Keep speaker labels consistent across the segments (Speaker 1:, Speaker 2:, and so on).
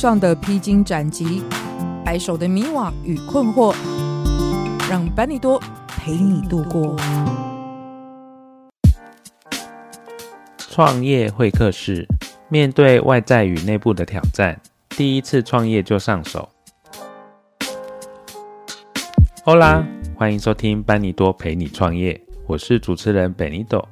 Speaker 1: 上的披荊斬棘，白手的迷惘與困惑，讓班尼多陪你度過。
Speaker 2: 創業會客室，面對外在與內部的挑戰，第一次創業就上手。好啦，歡迎收聽班尼多陪你創業，我是主持人 Benito。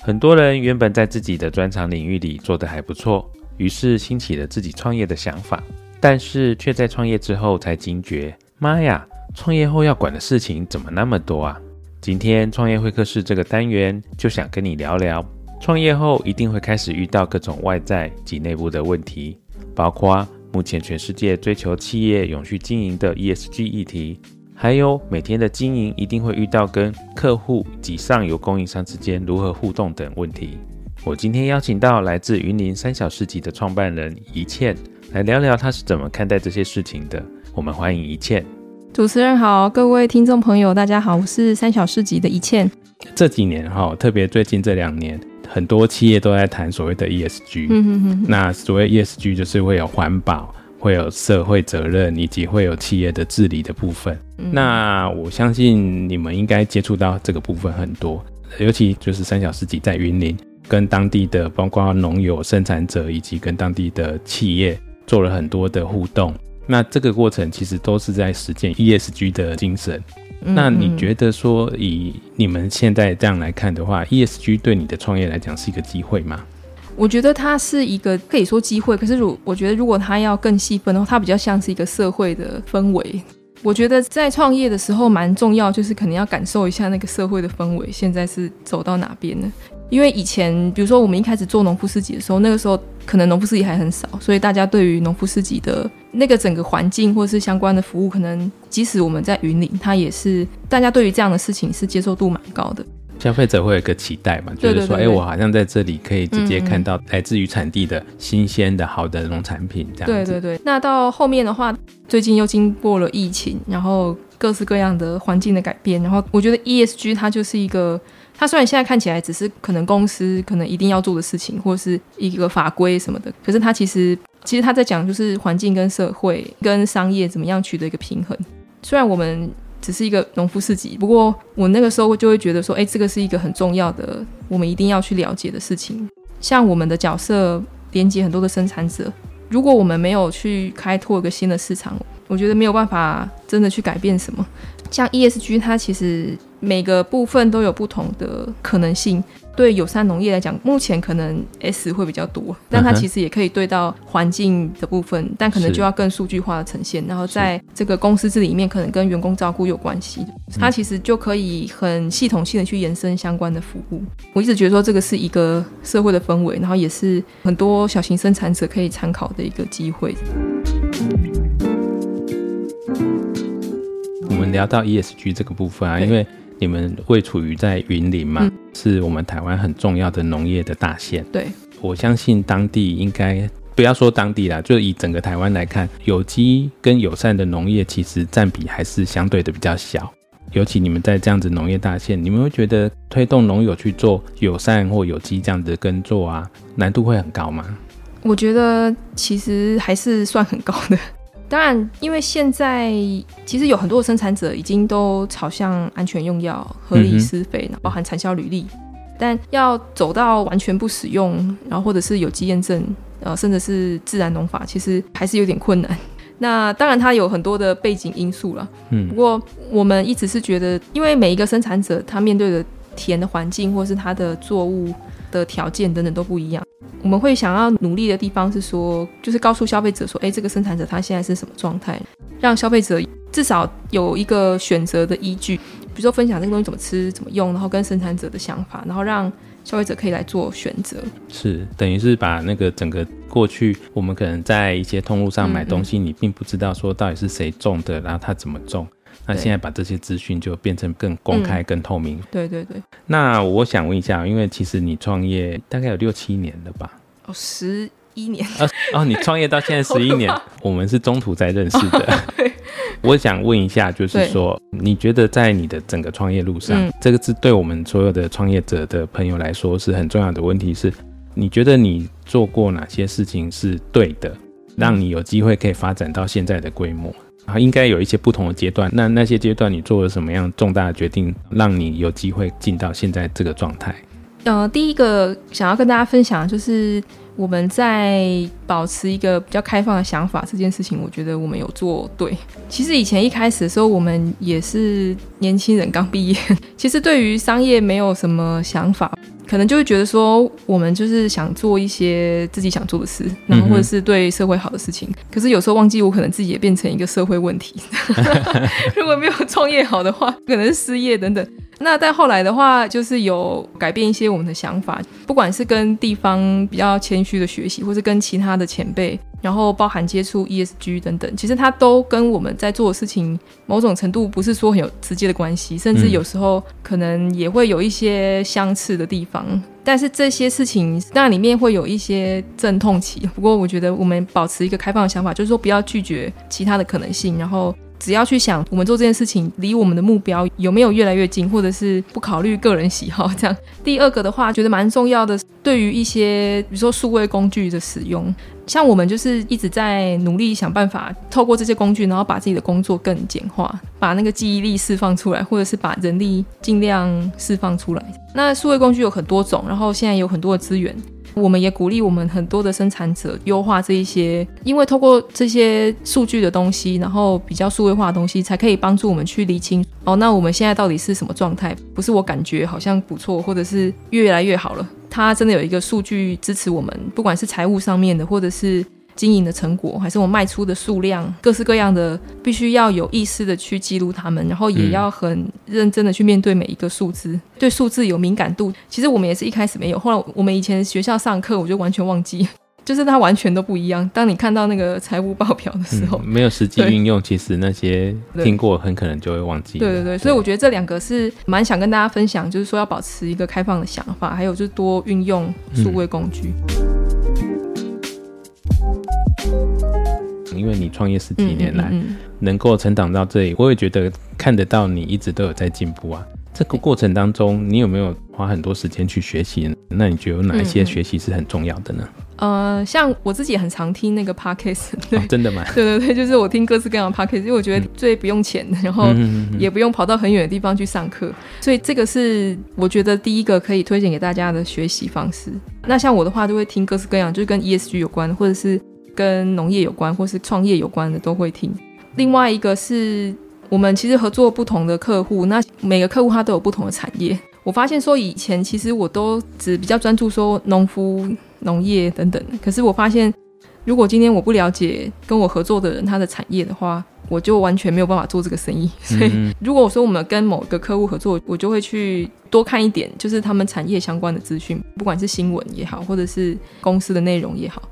Speaker 2: 很多人原本在自己的專長領域裡做得還不錯。於是興起了自己創業的想法，但是卻在創業之後才驚覺，媽呀，創業後要管的事情怎麼那麼多啊？今天創業會客室這個單元就想跟你聊聊，創業後一定會開始遇到各種外在及內部的問題，包括目前全世界追求企業永續經營的 ESG 議題，還有每天的經營一定會遇到跟客戶及上游供應商之間如何互動等問題。我今天邀請到來自雲林三小市集的創辦人宜倩，來聊聊他是怎麼看待這些事情的。我們歡迎宜倩。
Speaker 1: 主持人好，各位聽眾朋友，大家好，我是三小市集的宜倩。
Speaker 2: 這幾年哈，特別最近這兩年，很多企業都在談所謂的 ESG，嗯哼哼哼。那所謂 ESG 就是會有環保、會有社會責任以及會有企業的治理的部分，嗯。那我相信你們應該接觸到這個部分很多，尤其就是三小市集在雲林。跟當地的包括農友生產者以及跟當地的企業做了很多的互動，那這個過程其實都是在實踐 ESG 的精神。嗯嗯，那你覺得說，以你們現在這樣來看的話，ESG 對你的創業來講是一個機會嗎？
Speaker 1: 我覺得它是一個可以說機會，可是如我覺得如果它要更細分的話，它比較像是一個社會的氛圍。我覺得在創業的時候蠻重要，就是可能要感受一下那個社會的氛圍現在是走到哪邊呢？因為以前，比如說我們一開始做農夫市集的時候，那個時候可能農夫市集還很少，所以大家對於農夫市集的那個整個環境或是相關的服務，可能即使我們在雲林，它也是大家對於這樣的事情是接受度蠻高的。
Speaker 2: 消費者會有一個期待嘛，就是說，哎、欸，我好像在這裡可以直接看到來自於產地的新鮮的好的農產品這樣子。對對對。
Speaker 1: 那到後面的話，最近又經過了疫情，然後各式各樣的環境的改變，然後我覺得 ESG 它就是一個。他雖然現在看起來只是可能公司可能一定要做的事情，或者是一個法規什麼的，可是他其實其實他在講就是環境跟社會跟商業怎麼樣取得一個平衡。雖然我們只是一個農夫市集，不過我那個時候就會覺得說，誒，這個是一個很重要的，我們一定要去了解的事情。像我們的角色連接很多的生產者，如果我們沒有去開拓一個新的市場，我覺得沒有辦法真的去改變什麼。像 ESG，它其實每個部分都有不同的可能性。對友善農業來講，目前可能 S 會比較多，但它其實也可以對到環境的部分，但可能就要更數據化的呈現。然後在這個公司這裡面，可能跟員工照顧有關係，它其實就可以很系統性的去延伸相關的服務。我一直覺得說這個是一個社會的氛圍，然後也是很多小型生產者可以參考的一個機會。
Speaker 2: 我們聊到 ESG 這個部分啊，因為你們會處於在雲林嘛，嗯，是我們台灣很重要的農業的大縣。對，我相信當地應該，不要說當地啦，就以整個台灣來看，有機跟友善的農業其實佔比還是相對的比較小。尤其你們在這樣子農業大縣，你們會覺得推動農友去做友善或有機這樣子的耕作啊，難度會很高嗎？
Speaker 1: 我覺得其實還是算很高的。當然，因為現在其實有很多的生產者已經都朝向安全用藥、合理施肥，嗯、包含產銷履歷。但要走到完全不使用，然後或者是有機驗證，呃，甚至是自然農法，其實還是有點困難。那當然，它有很多的背景因素了。嗯，不過我們一直是覺得，因為每一個生產者他面對的田的環境，或是他的作物。的條件等等都不一樣，我們會想要努力的地方是說，就是告訴消費者說，誒、欸，這個生產者他現在是什麼狀態，讓消費者至少有一個選擇的依據。比如說分享這個東西怎麼吃、怎麼用，然後跟生產者的想法，然後讓消費者可以來做選擇。
Speaker 2: 是，等於是把那個整個過去，我們可能在一些通路上買東西，嗯嗯，你並不知道說到底是誰種的，然後他怎麼種。那現在把這些資訊就變成更公開、更透明、嗯。對對對。那我想問一下，因為其實你創業大概有六七年了吧？
Speaker 1: 哦，十一年
Speaker 2: 哦。哦，你創業到現在十一年我，我們是中途才認識的、哦。我想問一下，就是說，你覺得在你的整個創業路上、嗯，這個是對我們所有的創業者的朋友來說是很重要的問題是，你覺得你做過哪些事情是對的，讓你有機會可以發展到現在的規模？啊，應該有一些不同的階段。那那些階段你做了什麼樣重大的決定，讓你有機會進到現在這個狀態？
Speaker 1: 呃，第一個想要跟大家分享的就是我們在保持一個比較開放的想法這件事情，我覺得我們有做對。其實以前一開始的時候，我們也是年輕人剛畢業，其實對於商業沒有什麼想法。可能就會覺得說，我們就是想做一些自己想做的事，然後或者是對社會好的事情。嗯嗯。可是有時候忘記，我可能自己也變成一個社會問題。 如果沒有創業好的話，可能失業等等。那再後來的話，就是有改變一些我們的想法，不管是跟地方比較謙虛的學習，或是跟其他的前輩。然後包含接觸 ESG 等等，其實它都跟我們在做的事情某種程度不是說很有直接的關係，甚至有時候可能也會有一些相似的地方。嗯、但是這些事情那裡面會有一些陣痛期。不過我覺得我們保持一個開放的想法，就是說不要拒絕其他的可能性，然後只要去想我們做這件事情離我們的目標有沒有越來越近，或者是不考慮個人喜好這樣。第二個的話，覺得蠻重要的，對於一些比如說數位工具的使用。像我們就是一直在努力想辦法，透過這些工具，然後把自己的工作更簡化，把那個記憶力釋放出來，或者是把人力儘量釋放出來。那數位工具有很多種，然後現在有很多的資源，我們也鼓勵我們很多的生產者優化這一些，因為透過這些數據的東西，然後比較數位化的東西，才可以幫助我們去釐清哦，那我們現在到底是什麼狀態？不是我感覺好像不錯，或者是越來越好了。它真的有一個數據支持我們，不管是財務上面的，或者是經營的成果，還是我賣出的數量，各式各樣的，必須要有意識的去記錄它們，然後也要很認真的去面對每一個數字。嗯，對數字有敏感度。其實我們也是一開始沒有，後來我們以前學校上課，我就完全忘記。就是它完全都不一樣。當你看到那個財務報表的時候，嗯、沒有實際運
Speaker 2: 用，其實那些聽過很可能就會忘記。對對對，
Speaker 1: 對，對，所以我覺得這兩個是蠻想跟大家分享，就是說要保持一個開放的想法，還有就是多運用數位工具。
Speaker 2: 嗯、因為你創業十幾年來，嗯嗯嗯嗯能夠成長到這裡，我也覺得看得到你一直都有在進步啊。這個過程當中，你有沒有花很多時間去學習？那你覺得哪一些學習是很重要的呢？嗯嗯
Speaker 1: 呃，像我自己很常聽那個 podcast，對、哦，真的嗎？對對對，就是我聽各式各樣的 podcast，因為我覺得最不用錢的、嗯，然後也不用跑到很遠的地方去上課、嗯哼哼哼，所以這個是我覺得第一個可以推薦給大家的學習方式。那像我的話，都會聽各式各樣，就是跟 ESG 有關，或者是跟農業有關，或是創業有關的都會聽。另外一個是，我們其實合作不同的客戶，那每個客戶他都有不同的產業。我發現說以前其實我都只比較專注說農夫。農業等等，可是我發現，如果今天我不了解跟我合作的人他的產業的話，我就完全沒有辦法做這個生意。所以，如果我說我們跟某個客戶合作，我就會去多看一點，就是他們產業相關的資訊，不管是新聞也好，或者是公司的內容也好。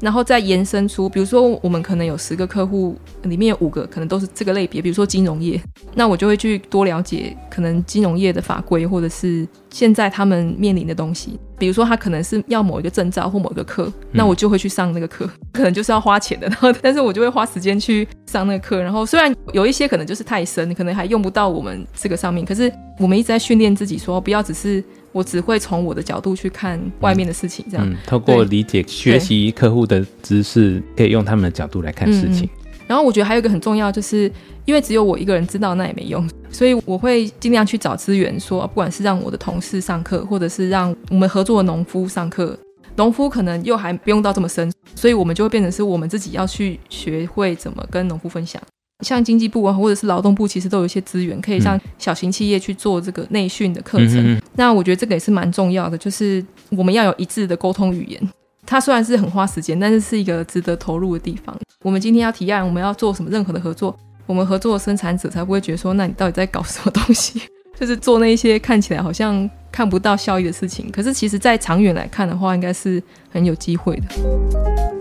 Speaker 1: 然後再延伸出，比如說我們可能有十個客戶，裡面有五個可能都是這個類別，比如說金融業，那我就會去多了解，可能金融業的法規，或者是現在他們面臨的東西，比如說他可能是要某一個證照或某一個課、嗯，那我就會去上那個課，可能就是要花錢的然後，但是我就會花時間去上那個課，然後雖然有一些可能就是太深，可能還用不到我們這個上面，可是我們一直在訓練自己，說不要只是。我只會從我的角度去看外面的事情，這樣嗯。嗯，透過理
Speaker 2: 解、學習客戶的知識，可以用他們的角度來看事情。
Speaker 1: 嗯，然後我覺得還有一個很重要，就是因為只有我一個人知道，那也沒用，所以我會盡量去找資源說，說不管是讓我的同事上課，或者是讓我們合作的農夫上課，農夫可能又還不用到這麼深，所以我們就會變成是我們自己要去學會怎麼跟農夫分享。像經濟部啊，或者是勞動部，其實都有一些資源，可以讓小型企業去做這個內訓的課程。嗯。那我覺得這個也是蠻重要的，就是我們要有一致的溝通語言。它雖然是很花時間，但是是一個值得投入的地方。我們今天要提案，我們要做什麼任何的合作，我們合作的生產者才不會覺得說，那你到底在搞什麼東西？就是做那些看起來好像看不到效益的事情，可是其實在長遠來看的話，應該是很有機會的。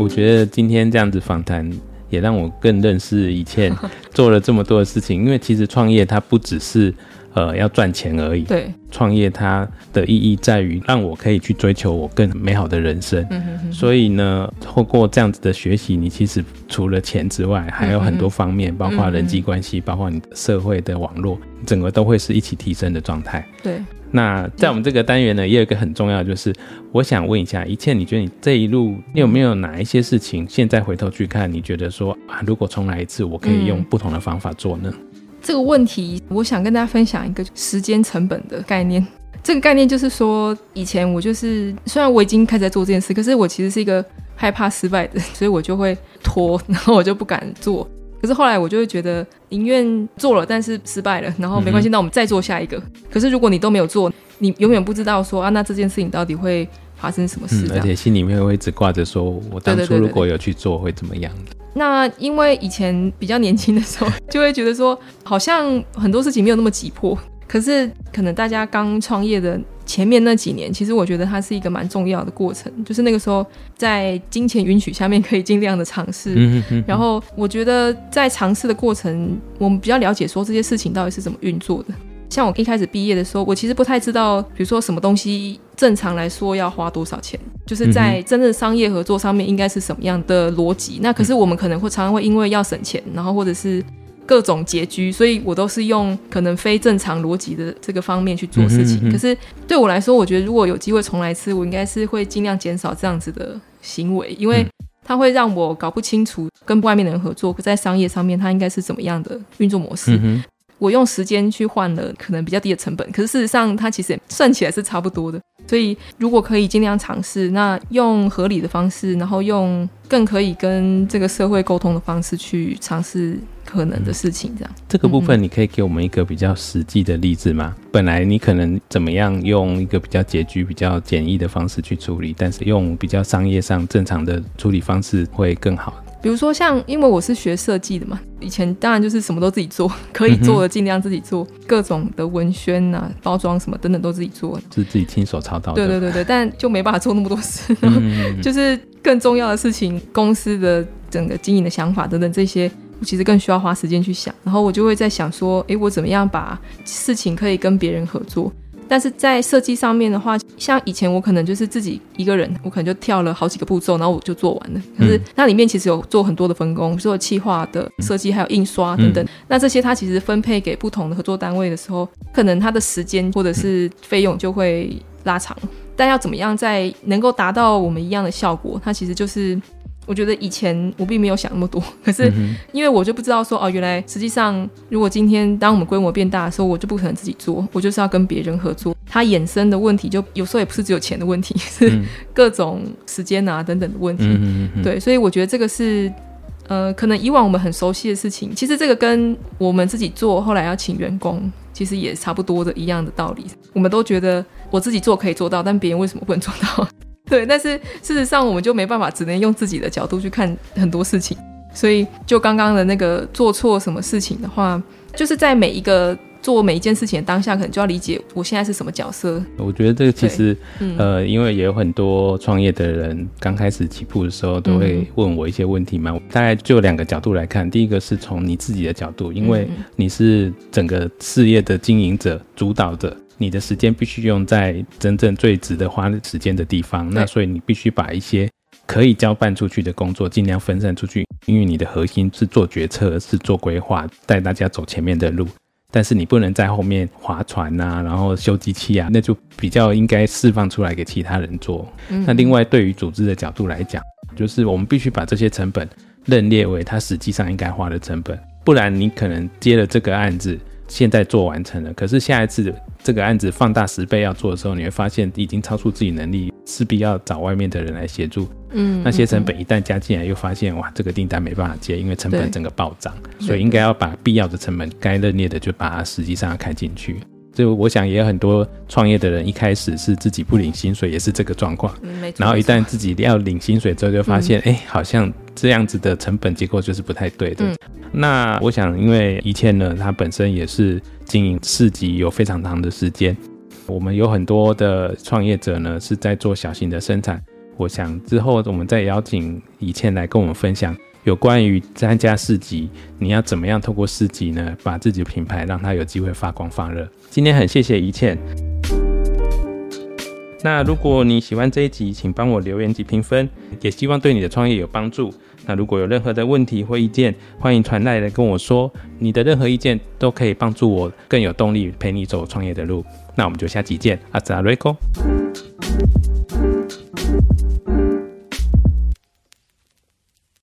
Speaker 2: 我覺得今天這樣子訪談，也讓我更認識宜倩做了這麼多的事情。因為其實創業它不只是。呃，要賺錢而已。對，創業它的意義在於讓我可以去追求我更美好的人生。嗯哼哼。所以呢，透過這樣子的學習，你其實除了錢之外，還有很多方面，嗯、包括人際關係、嗯，包括你的社會的網絡，整個都會是一起提升的狀態。對。那在我們這個單元呢，嗯、也有一個很重要就是我想問一下，宜倩，你覺得你這一路你有沒有哪一些事情，現在回頭去看，你覺得說啊，如果重來一次，我可以用不同的方法做呢？嗯
Speaker 1: 這個問題，我想跟大家分享一個時間成本的概念。這個概念就是說，以前我就是雖然我已經開始在做這件事，可是我其實是一個害怕失敗的，所以我就會拖，然後我就不敢做。可是後來我就會覺得，寧願做了，但是失敗了，然後沒關係，那我們再做下一個。可是如果你都沒有做，你永遠不知道說啊，那這件事情到底會。發生什麼事、嗯？而且心裡
Speaker 2: 面會一直掛着，說我當初如果有去做，對對對對對，會怎麼樣的？
Speaker 1: 那因為以前比較年輕的時候，就會覺得說，好像很多事情沒有那麼急迫。 可是，可能大家剛創業的前面那幾年，其實我覺得它是一個蠻重要的過程，就是那個時候在金錢允許下面，可以儘量的嘗試。 然後，我覺得在嘗試的過程，我們比較了解說這些事情到底是怎麼運作的。像我一開始畢業的時候，我其實不太知道，比如說什麼東西正常來說要花多少錢，就是在真正商業合作上面應該是什麼樣的邏輯，嗯。那可是我們可能會常常會因為要省錢，然後或者是各種拮據，所以我都是用可能非正常邏輯的這個方面去做事情，嗯哼嗯哼。可是對我來說，我覺得如果有機會重來一次，我應該是會盡量減少這樣子的行為，因為它會讓我搞不清楚跟外面的人合作，在商業上面它應該是怎麼樣的運作模式。嗯。我用時間去換了可能比較低的成本，可是事實上它其實算起來是差不多的。所以如果可以儘量嘗試，那用合理的方式，然後用更可以跟這個社會溝通的方式去嘗試可能的事情，這樣、
Speaker 2: 嗯。這個部分你可以給我們一個比較實際的例子嗎？嗯嗯。本來你可能怎麼樣用一個比較拮据、比較簡易的方式去處理，但是用比較商業上正常的處理方式會更好。
Speaker 1: 比如說，像因為我是學設計的嘛，以前當然就是什麼都自己做，可以做的盡量自己做，嗯、各種的文宣啊、包裝什麼等等都自己做，就
Speaker 2: 自己親手操刀。對對對
Speaker 1: 對，但就沒辦法做那麼多事，嗯嗯嗯 就是更重要的事情，公司的整個經營的想法等等這些，我其實更需要花時間去想。然後我就會在想說，誒，我怎麼樣把事情可以跟別人合作。但是在設計上面的話，像以前我可能就是自己一個人，我可能就跳了好幾個步驟，然後我就做完了。可是那裡面其實有做很多的分工，做企劃的設計，還有印刷等等。那這些它其實分配給不同的合作單位的時候，可能它的時間或者是費用就會拉長。但要怎麼樣在能夠達到我們一樣的效果，它其實就是。我覺得以前我並沒有想那麼多，可是因為我就不知道說哦，原來實際上如果今天當我們規模變大的時候，我就不可能自己做，我就是要跟別人合作。它衍生的問題就有時候也不是只有錢的問題，是各種時間啊等等的問題，嗯。對，所以我覺得這個是呃，可能以往我們很熟悉的事情，其實這個跟我們自己做後來要請員工，其實也差不多的一樣的道理。我們都覺得我自己做可以做到，但別人為什麼不能做到？對，但是事實上，我們就沒辦法，只能用自己的角度去看很多事情。所以，就剛剛的那個做錯什麼事情的話，就是在每一個做每一件事情的當下，可能就要理解我現在是什麼角色。
Speaker 2: 我覺得這個其實，嗯、呃，因為也有很多創業的人剛開始起步的時候，都會問我一些問題嘛、嗯。大概就兩個角度來看，第一個是從你自己的角度，因為你是整個事業的經營者、主導者。你的時間必須用在真正最值得花時間的地方，那所以你必須把一些可以交辦出去的工作盡量分散出去，因為你的核心是做決策、是做規劃、帶大家走前面的路，但是你不能在後面划船啊，然後修機器啊，那就比較應該釋放出來給其他人做。嗯、那另外，對於組織的角度來講，就是我們必須把這些成本認列為它實際上應該花的成本，不然你可能接了這個案子。現在做完成了，可是下一次這個案子放大十倍要做的時候，你會發現已經超出自己能力，勢必要找外面的人來協助。嗯，那些成本一旦加進來，又發現哇，這個訂單沒辦法接，因為成本整個暴漲。所以應該要把必要的成本該認列的就把它實際上要開進去。就我想也有很多創業的人一開始是自己不領薪水，嗯、也是這個狀況、嗯。然後一旦自己要領薪水之後，就發現哎、嗯欸，好像。這樣子的成本結構就是不太對的。嗯、那我想，因為宜倩呢，她本身也是經營市集有非常長的時間。我們有很多的創業者呢是在做小型的生產。我想之後我們再邀請宜倩來跟我們分享有關於參加市集，你要怎麼樣透過市集呢，把自己的品牌讓它有機會發光發熱。今天很謝謝宜倩。那如果你喜歡這一集，請幫我留言及評分，也希望對你的創業有幫助。那如果有任何的問題或意見，歡迎傳賴來來跟我說，你的任何意見都可以幫助我更有動力陪你走創業的路。那我們就下集見，阿 s i